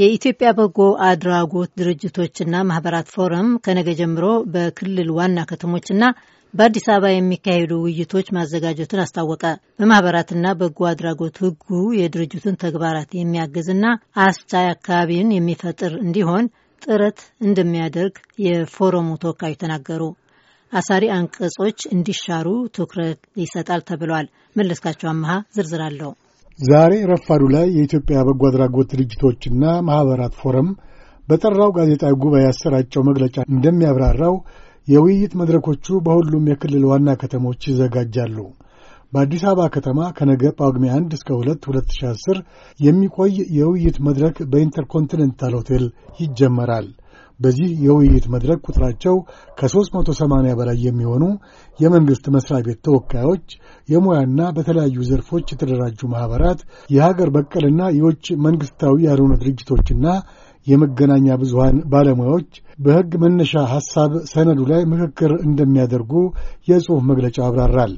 የኢትዮጵያ በጎ አድራጎት ድርጅቶችና ማህበራት ፎረም ከነገ ጀምሮ በክልል ዋና ከተሞችና በአዲስ አበባ የሚካሄዱ ውይይቶች ማዘጋጀቱን አስታወቀ። በማህበራትና በጎ አድራጎት ሕጉ የድርጅቱን ተግባራት የሚያግዝና አስቻይ አካባቢን የሚፈጥር እንዲሆን ጥረት እንደሚያደርግ የፎረሙ ተወካዮች ተናገሩ። አሳሪ አንቀጾች እንዲሻሩ ትኩረት ይሰጣል ተብሏል። መለስካቸው አመሃ ዝርዝር አለው። ዛሬ ረፋዱ ላይ የኢትዮጵያ በጎ አድራጎት ድርጅቶችና ማኅበራት ፎረም በጠራው ጋዜጣዊ ጉባኤ ያሰራጨው መግለጫ እንደሚያብራራው የውይይት መድረኮቹ በሁሉም የክልል ዋና ከተሞች ይዘጋጃሉ። በአዲስ አበባ ከተማ ከነገ ጳጉሜ 1 እስከ 2 2010 የሚቆይ የውይይት መድረክ በኢንተርኮንቲኔንታል ሆቴል ይጀመራል። በዚህ የውይይት መድረክ ቁጥራቸው ከ380 በላይ የሚሆኑ የመንግሥት መሥሪያ ቤት ተወካዮች፣ የሙያና በተለያዩ ዘርፎች የተደራጁ ማኅበራት፣ የሀገር በቀልና የውጭ መንግሥታዊ ያልሆኑ ድርጅቶችና የመገናኛ ብዙሃን ባለሙያዎች በሕግ መነሻ ሐሳብ ሰነዱ ላይ ምክክር እንደሚያደርጉ የጽሑፍ መግለጫው አብራራል።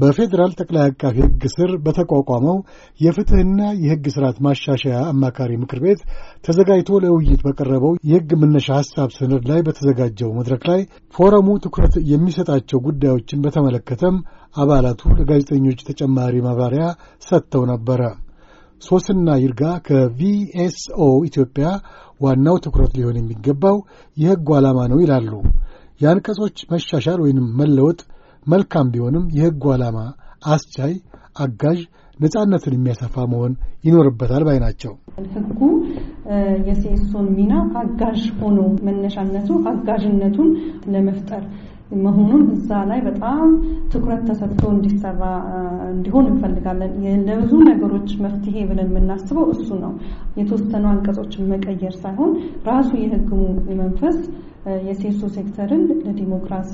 በፌዴራል ጠቅላይ አቃፊ ሕግ ስር በተቋቋመው የፍትህና የሕግ ስርዓት ማሻሻያ አማካሪ ምክር ቤት ተዘጋጅቶ ለውይይት በቀረበው የሕግ መነሻ ሐሳብ ሰነድ ላይ በተዘጋጀው መድረክ ላይ ፎረሙ ትኩረት የሚሰጣቸው ጉዳዮችን በተመለከተም አባላቱ ለጋዜጠኞች ተጨማሪ ማብራሪያ ሰጥተው ነበረ። ሶስና ይርጋ ከቪኤስኦ ኢትዮጵያ ዋናው ትኩረት ሊሆን የሚገባው የሕጉ ዓላማ ነው ይላሉ። የአንቀጾች መሻሻል ወይንም መለወጥ መልካም ቢሆንም የሕጉ ዓላማ አስቻይ፣ አጋዥ፣ ነጻነትን የሚያሰፋ መሆን ይኖርበታል ባይ ናቸው። ሕጉ የሴሶን ሚና አጋዥ ሆኖ መነሻነቱ አጋዥነቱን ለመፍጠር መሆኑን እዛ ላይ በጣም ትኩረት ተሰጥቶ እንዲሰራ እንዲሆን እንፈልጋለን። ለብዙ ነገሮች መፍትሄ ብለን የምናስበው እሱ ነው። የተወሰኑ አንቀጾችን መቀየር ሳይሆን ራሱ የህግሙ መንፈስ የሴርሶ ሴክተርን ለዲሞክራሲ፣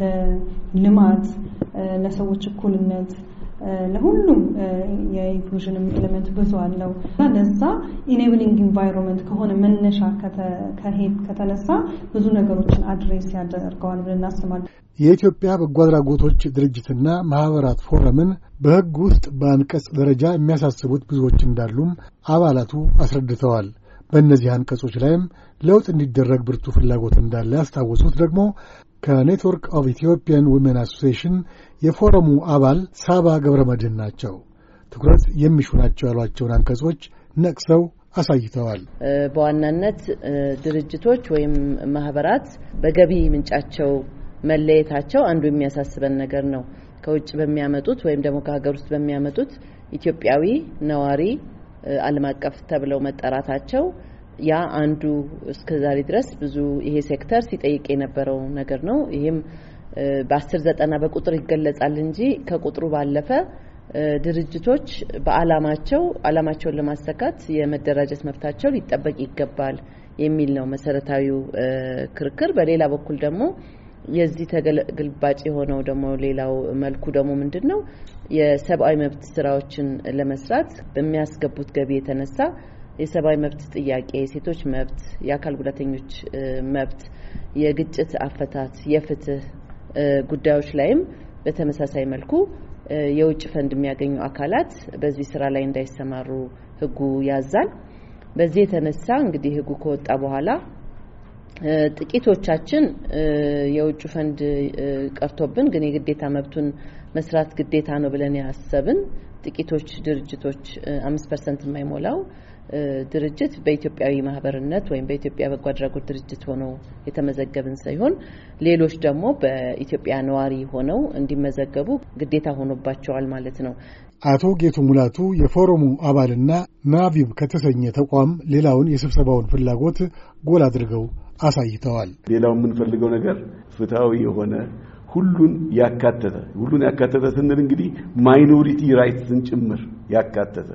ለልማት፣ ለሰዎች እኩልነት ለሁሉም የኢንክሉዥንም ኤሌመንት ብዙ አለው። ለዛ ኢኔብሊንግ ኢንቫይሮንመንት ከሆነ መነሻ ከሄድ ከተነሳ ብዙ ነገሮችን አድሬስ ያደርገዋል ብለን እናስባለን። የኢትዮጵያ በጎ አድራጎቶች ድርጅትና ማህበራት ፎረምን በህግ ውስጥ በአንቀጽ ደረጃ የሚያሳስቡት ብዙዎች እንዳሉም አባላቱ አስረድተዋል። በእነዚህ አንቀጾች ላይም ለውጥ እንዲደረግ ብርቱ ፍላጎት እንዳለ ያስታወሱት ደግሞ ከኔትወርክ ኦፍ ኢትዮጵያን ዊሜን አሶሲሽን የፎረሙ አባል ሳባ ገብረ መድህን ናቸው። ትኩረት የሚሹ ናቸው ያሏቸውን አንቀጾች ነቅሰው አሳይተዋል። በዋናነት ድርጅቶች ወይም ማህበራት በገቢ ምንጫቸው መለየታቸው አንዱ የሚያሳስበን ነገር ነው። ከውጭ በሚያመጡት ወይም ደግሞ ከሀገር ውስጥ በሚያመጡት ኢትዮጵያዊ ነዋሪ ዓለም አቀፍ ተብለው መጠራታቸው ያ አንዱ ዛሬ ድረስ ብዙ ይሄ ሴክተር ሲጠይቅ የነበረው ነገር ነው። ይህም በአስር ዘጠና በቁጥር ይገለጻል እንጂ ከቁጥሩ ባለፈ ድርጅቶች በዓላማቸው ዓላማቸውን ለማሰካት የመደራጀት መብታቸው ሊጠበቅ ይገባል የሚል ነው መሰረታዊው ክርክር። በሌላ በኩል ደግሞ የዚህ ተገልባጭ የሆነው ደግሞ ሌላው መልኩ ደግሞ ምንድን ነው የሰብአዊ መብት ስራዎችን ለመስራት በሚያስገቡት ገቢ የተነሳ የሰብአዊ መብት ጥያቄ፣ የሴቶች መብት፣ የአካል ጉዳተኞች መብት፣ የግጭት አፈታት፣ የፍትህ ጉዳዮች ላይም በተመሳሳይ መልኩ የውጭ ፈንድ የሚያገኙ አካላት በዚህ ስራ ላይ እንዳይሰማሩ ህጉ ያዛል። በዚህ የተነሳ እንግዲህ ህጉ ከወጣ በኋላ ጥቂቶቻችን የውጭ ፈንድ ቀርቶብን ግን የግዴታ መብቱን መስራት ግዴታ ነው ብለን ያሰብን ጥቂቶች ድርጅቶች አምስት ፐርሰንት የማይሞላው ድርጅት በኢትዮጵያዊ ማህበርነት ወይም በኢትዮጵያ በጎ አድራጎት ድርጅት ሆነው የተመዘገብን ሳይሆን ሌሎች ደግሞ በኢትዮጵያ ነዋሪ ሆነው እንዲመዘገቡ ግዴታ ሆኖባቸዋል ማለት ነው። አቶ ጌቱ ሙላቱ የፎረሙ አባልና ናቪብ ከተሰኘ ተቋም ሌላውን የስብሰባውን ፍላጎት ጎላ አድርገው አሳይተዋል። ሌላው የምንፈልገው ነገር ፍትሐዊ የሆነ ሁሉን ያካተተ ሁሉን ያካተተ ስንል እንግዲህ ማይኖሪቲ ራይትስን ጭምር ያካተተ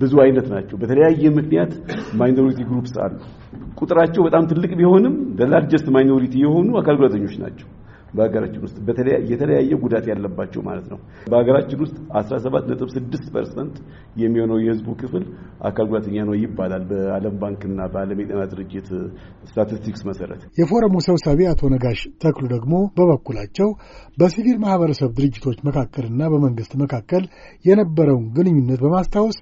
ብዙ አይነት ናቸው። በተለያየ ምክንያት ማይኖሪቲ ግሩፕስ አሉ። ቁጥራቸው በጣም ትልቅ ቢሆንም ላርጀስት ማይኖሪቲ የሆኑ አካል ጉዳተኞች ናቸው። በሀገራችን ውስጥ የተለያየ ጉዳት ያለባቸው ማለት ነው። በሀገራችን ውስጥ 17.6% የሚሆነው የህዝቡ ክፍል አካል ጉዳተኛ ነው ይባላል በዓለም ባንክና በዓለም የጤና ድርጅት ስታቲስቲክስ መሰረት። የፎረሙ ሰብሳቢ አቶ ነጋሽ ተክሉ ደግሞ በበኩላቸው በሲቪል ማህበረሰብ ድርጅቶች መካከልና በመንግስት መካከል የነበረውን ግንኙነት በማስታወስ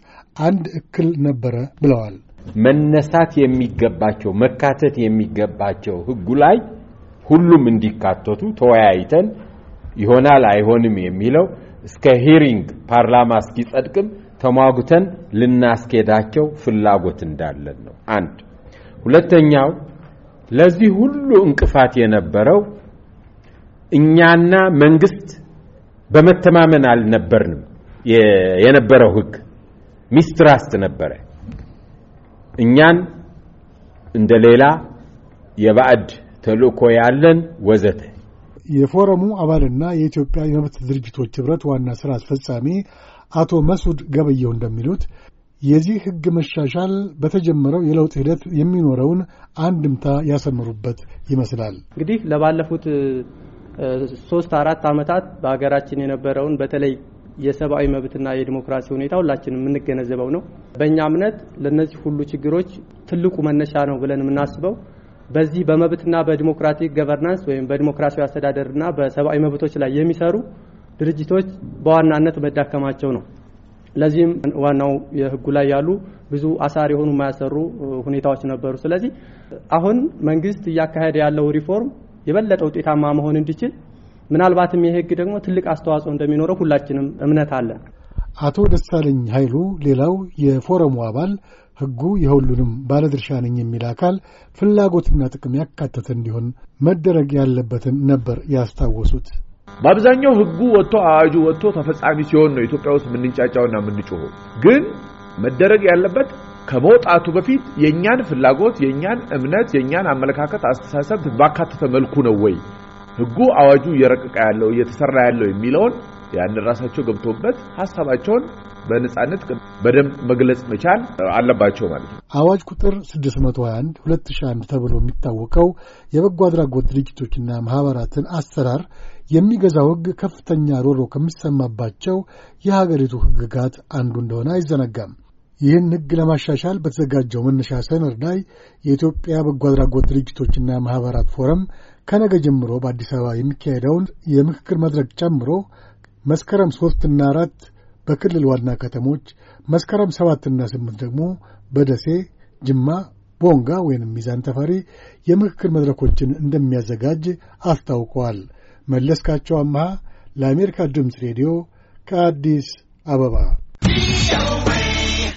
አንድ እክል ነበረ ብለዋል። መነሳት የሚገባቸው መካተት የሚገባቸው ህጉ ላይ ሁሉም እንዲካተቱ ተወያይተን ይሆናል አይሆንም የሚለው እስከ ሂሪንግ ፓርላማ እስኪጸድቅም ተሟጉተን ልናስኬዳቸው ፍላጎት እንዳለን ነው። አንድ ሁለተኛው ለዚህ ሁሉ እንቅፋት የነበረው እኛና መንግስት በመተማመን አልነበርንም። የነበረው ህግ ሚስትራስት ነበረ። እኛን እንደ ሌላ የባዕድ ተልእኮ ያለን ወዘተ። የፎረሙ አባልና የኢትዮጵያ የመብት ድርጅቶች ኅብረት ዋና ሥራ አስፈጻሚ አቶ መስዑድ ገበየው እንደሚሉት የዚህ ሕግ መሻሻል በተጀመረው የለውጥ ሂደት የሚኖረውን አንድምታ ያሰምሩበት ይመስላል። እንግዲህ ለባለፉት ሶስት አራት ዓመታት በሀገራችን የነበረውን በተለይ የሰብአዊ መብትና የዲሞክራሲ ሁኔታ ሁላችን የምንገነዘበው ነው። በእኛ እምነት ለእነዚህ ሁሉ ችግሮች ትልቁ መነሻ ነው ብለን የምናስበው በዚህ በመብትና በዲሞክራቲክ ገቨርናንስ ወይም በዲሞክራሲያዊ አስተዳደርና በሰብአዊ መብቶች ላይ የሚሰሩ ድርጅቶች በዋናነት መዳከማቸው ነው። ለዚህም ዋናው የህጉ ላይ ያሉ ብዙ አሳር የሆኑ የማያሰሩ ሁኔታዎች ነበሩ። ስለዚህ አሁን መንግስት እያካሄደ ያለው ሪፎርም የበለጠ ውጤታማ መሆን እንዲችል ምናልባትም የህግ ደግሞ ትልቅ አስተዋጽኦ እንደሚኖረው ሁላችንም እምነት አለን። አቶ ደሳለኝ ኃይሉ ሌላው የፎረሙ አባል ሕጉ የሁሉንም ባለድርሻ ነኝ የሚል አካል ፍላጎትና ጥቅም ያካተተ እንዲሆን መደረግ ያለበትን ነበር ያስታወሱት። በአብዛኛው ህጉ ወጥቶ አዋጁ ወጥቶ ተፈጻሚ ሲሆን ነው ኢትዮጵያ ውስጥ የምንጫጫውና የምንጮኸው። ግን መደረግ ያለበት ከመውጣቱ በፊት የእኛን ፍላጎት፣ የእኛን እምነት፣ የእኛን አመለካከት፣ አስተሳሰብ ባካተተ መልኩ ነው ወይ ህጉ አዋጁ እየረቀቀ ያለው እየተሰራ ያለው የሚለውን ያንን ራሳቸው ገብቶበት ሀሳባቸውን በነጻነት በደንብ መግለጽ መቻል አለባቸው ማለት ነው። አዋጅ ቁጥር 621 2001 ተብሎ የሚታወቀው የበጎ አድራጎት ድርጅቶችና ማህበራትን አሰራር የሚገዛው ሕግ ከፍተኛ ሮሮ ከሚሰማባቸው የሀገሪቱ ሕግጋት አንዱ እንደሆነ አይዘነጋም። ይህን ሕግ ለማሻሻል በተዘጋጀው መነሻ ሰነድ ላይ የኢትዮጵያ በጎ አድራጎት ድርጅቶችና ማኅበራት ፎረም ከነገ ጀምሮ በአዲስ አበባ የሚካሄደውን የምክክር መድረክ ጨምሮ መስከረም ሶስትና አራት በክልል ዋና ከተሞች መስከረም ሰባትና ስምንት ደግሞ በደሴ፣ ጅማ፣ ቦንጋ ወይም ሚዛን ተፈሪ የምክክር መድረኮችን እንደሚያዘጋጅ አስታውቀዋል። መለስካቸው አምሃ ለአሜሪካ ድምፅ ሬዲዮ ከአዲስ አበባ